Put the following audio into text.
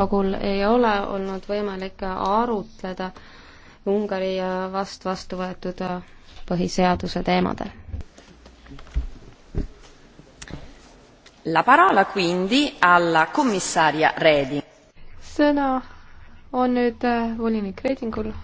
kogul ei ole olnud võimalik arutleda Ungari vast vastu võetud põhiseaduse teemadel. La parola quindi alla commissaria Reding. sõna on nüüd volinik Redingul